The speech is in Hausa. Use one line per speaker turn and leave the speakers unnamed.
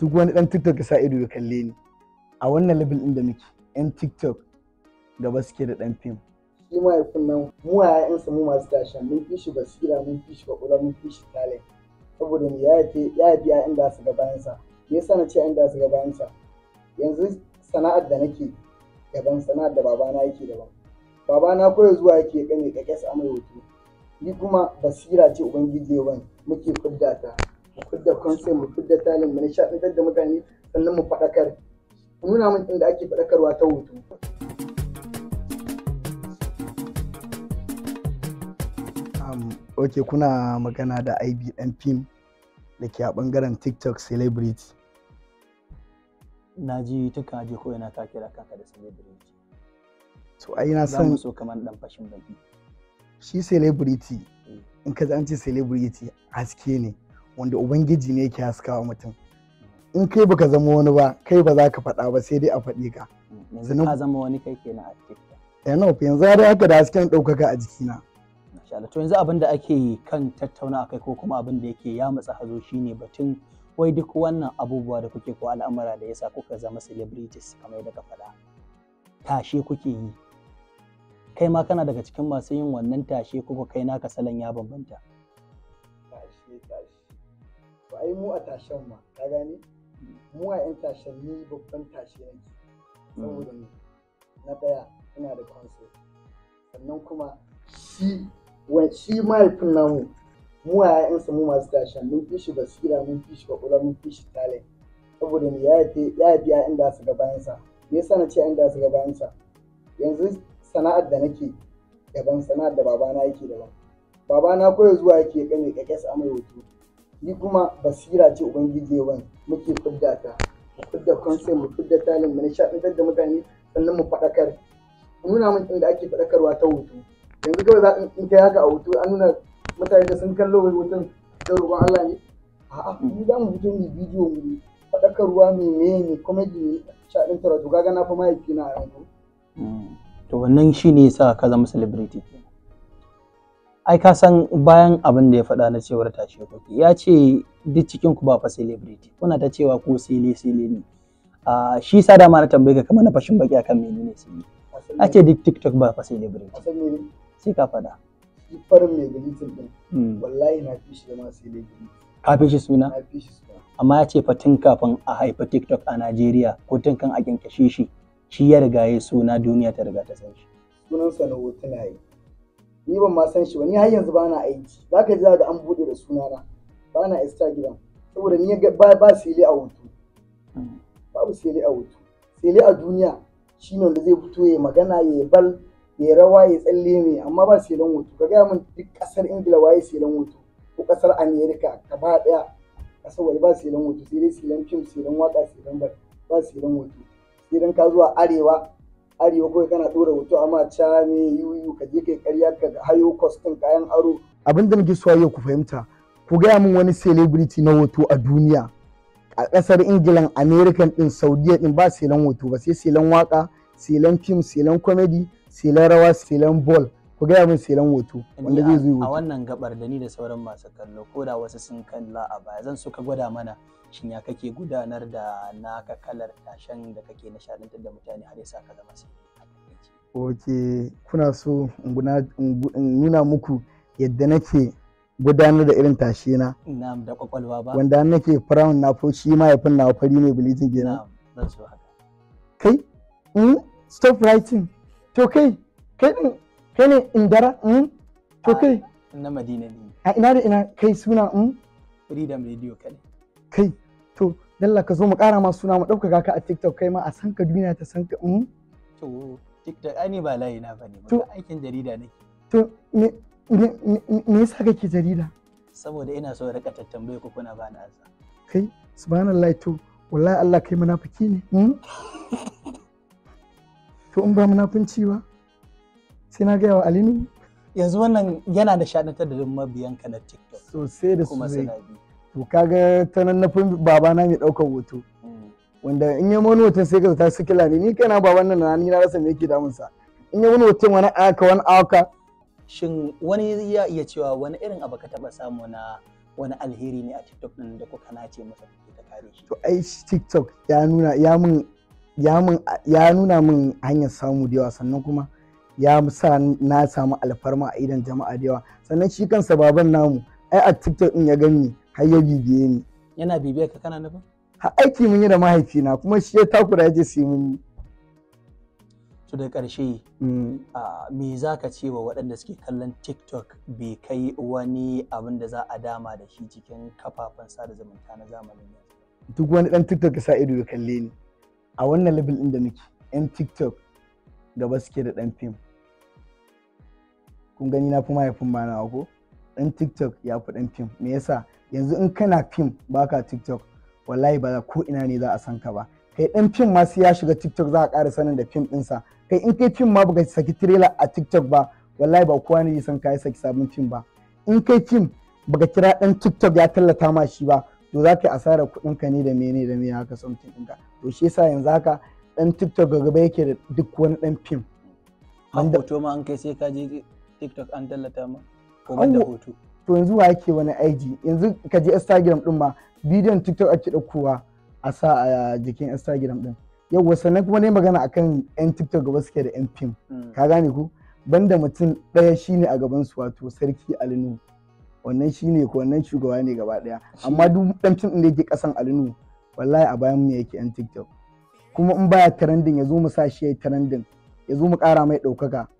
duk wani dan tiktok ya sa ido ya kalle ni a wannan level din da muke yan tiktok gaba suke da dan fim shi ma yakun nan mu a yayansa mu masu tashan mun fi shi basira mun fi shi kwakwalwa mun fi shi talent saboda ni ya yi yayan da su sa me yasa na ce yayan da su sa yanzu sana'ar da nake gaban sana'ar da babana yake daban babana kawai zuwa yake kane a amai hoto ni kuma basira ce ubangiji yawan muke fidda ta fidda concept mu fidda talin mu nishaɗantar da mutane sannan mu faɗakar nuna mun inda ake faɗakarwa ta hutu. ok kuna magana da ib dan fim da ke a bangaren tiktok celebrity
na ji tukan aje ko yana kake da kanka da celebrity
to ai na san so
kamar dan fashin baki
shi celebrity eh. in ka an celebrity haske ne wanda ubangiji ne yake haskawa mutum in kai baka zama wani ba kai ba za ka faɗa ba sai dai a faɗi ka yanzu ka
zama wani kai kenan a
cikin yanzu har haka da hasken ɗaukaka a jikina to yanzu abin da
ake kan tattauna kai ko kuma abin da yake ya matsa hazo shine batun wai duk wannan abubuwa da kuke ko al'amura da yasa kuka zama celebrities kamar yadda ka faɗa tashe kuke yi kai ma kana daga cikin masu yin wannan tashe kuka kai naka salon ya bambanta
to ai mu a tashen ma ka gane mu a yan tashen ni babban tashe ne saboda ni na daya ina da console sannan kuma shi wa shi mahaifin namu mu a yayansa mu masu tashen mun fi shi basira mun fi shi kwakwalwa mun fi shi talent saboda ni ya haifi ya haifi ya inda su sa me yasa na ce inda su sa yanzu sana'ar da nake daban sana'ar da babana yake daban babana kawai zuwa yake kame kakes amai hoto ni kuma basira ce ubangiji yawan muke fidda ta mu fidda concept mu fidda Talin mu nishaɗantar da mutane sannan mu faɗakar nuna mun inda ake faɗakarwa ta hutu yanzu kawai za in kai haka a hutu an nuna mutane da sun kallo wai hutun da roƙon Allah ne a'a mu za mu fito mu bidiyo mu faɗakarwa mai mene comedy ne nishaɗantarwa da gaga na fa na a yanzu
hmm. to wannan shine yasa ka zama celebrity ai ka san bayan abin da ya faɗa na cewar tashi kuke ya ce duk cikin ku ba fa celebrity kuna ta cewa ko sele sele ne a shi sa da na tambaye ka kamar na fashin baki akan menene ne a ce duk tiktok ba fa celebrity
sai ka faɗa farin mai bilitin din hmm. wallahi na fi shi zama celebrity
ka fi shi suna na suna amma ya ce fatin kafin a haifi tiktok a Najeriya ko tun kan a kinkashe shi shi ya riga ya suna duniya ta riga ta san shi
sunansa na hotuna yi ni ban ma san shi ba ni har yanzu ba na aiki za ka ji da an buɗe da sunana ba na instagram saboda ni ba ba sele a Ba ba sele a hutu sele a duniya shine wanda zai fito ya magana ya bal ya rawa ya tsalle ne amma ba selen hutu ka gaya min duk kasar ingila waye selen hutu ko kasar america gaba daya kasar waje ba selen hutu sai dai selen fim selen waka selen bar ba selen hutu sai dan ka zuwa arewa arewa kawai kana dora hoto amma ca me yuyu ka je kai karya ka hayo kwastin kayan aro abin da nake so yau ku fahimta ku gaya min wani celebrity na hoto a duniya a ƙasar ingilan american din saudiya din ba selan hoto ba sai selan waka selan fim selan comedy selan rawa selan ball ku gaya min silan hoto wanda zai zo a wannan
gabar da ni da sauran masu kallo ko da wasu sun kalla a baya zan suka gwada mana shin ya kake gudanar da naka kalar tashen da kake nishadantar da mutane har yasa ka zama sai
ok kuna so in nuna muku yadda nake gudanar da irin tashe na
na'am da kwakwalwa ba wanda
nake frown na fo shi ma ya finna fari mai bleaching gina. na'am zan so haka kai hmm? stop writing to kai kai kai ne indara um to kai
na madina ne
a ina da ina kai suna um
freedom radio kai
kai to dalla ka zo mu kara ma suna mu dauka ka a tiktok kai ma a san ka duniya ta san ka um
to tiktok ani ba layi na bane to aikin jarida ne
to me me yasa kake jarida
saboda ina so rika tattambaye ku kuna bani azza
kai subhanallahi to wallahi Allah kai munafiki ne to in ba munafinci ba sai na gaya wa alinu yanzu wannan yana da shaɗantar da ka na tiktok sosai da ne to kaga ta nan na babana mai ɗaukar hoto hmm. wanda in ya wani hoton sai ka ta sikila ne ni na baban nan ni na rasa me yake damunsa in ya wani hoton wani aka wani aka shin
wani ya iya cewa wani irin abu ka taba samu na wani alheri ne a tiktok din da kuka nace masa
ta kare shi to ai tiktok ya nuna ya mun ya mun ya nuna min hanyar samu da yawa sannan kuma ya sa na samu alfarma a idan jama'a da yawa sannan shi kansa baban namu ai a tiktok din ya gani har ya bibiye ni
yana bibiye ka kana nufin
ha aiki mun yi da mahaifina kuma shi ya takura ya je sai mun
to da ƙarshe mm. me za ka ce wa waɗanda suke kallon tiktok bai kai wani abin da za a dama da shi cikin kafafen sada zumunta na zamani ba
duk wani dan tiktok ya sa ido ya kalle ni a wannan level ɗin da muke 'yan tiktok gaba suke da ɗan fim kun gani na fi mahaifin ba na ko ɗan tiktok ya fi ɗan fim me yasa yanzu in kana fim baka tiktok wallahi ba ko ina ne za a san ka ba kai ɗan fim ma sai ya shiga tiktok za a ƙara sanin da fim ɗinsa kai in kai fim ma baka saki trailer a tiktok ba wallahi ba kowa ne san ka saki sabon fim ba in kai fim baka kira ɗan tiktok ya tallata ma shi ba to za ka yi asarar kuɗin ka ne da mene da mene haka something ɗinka to shi yasa yanzu haka ɗan tiktok gaba yake da duk wani ɗan fim.
An hoto ma an kai sai ka je tiktok an tallata ma ko da hoto
to yanzu wa yake wani IG yanzu ka je Instagram din ma bidiyon TikTok ake ɗaukowa a sa a jikin Instagram din yawwa sannan kuma ne magana akan yan TikTok gaba suke da yan fim hmm. ka gane ku banda mutum ɗaya shine a gaban su wato sarki Alinu wannan shine ko wannan shugaba ne gaba ɗaya amma duk dan fim din da yake kasan Alinu wallahi a bayan mu yake yan TikTok kuma in baya trending ya zo mu sa shi yayi trending ya zo mu kara mai ɗaukaka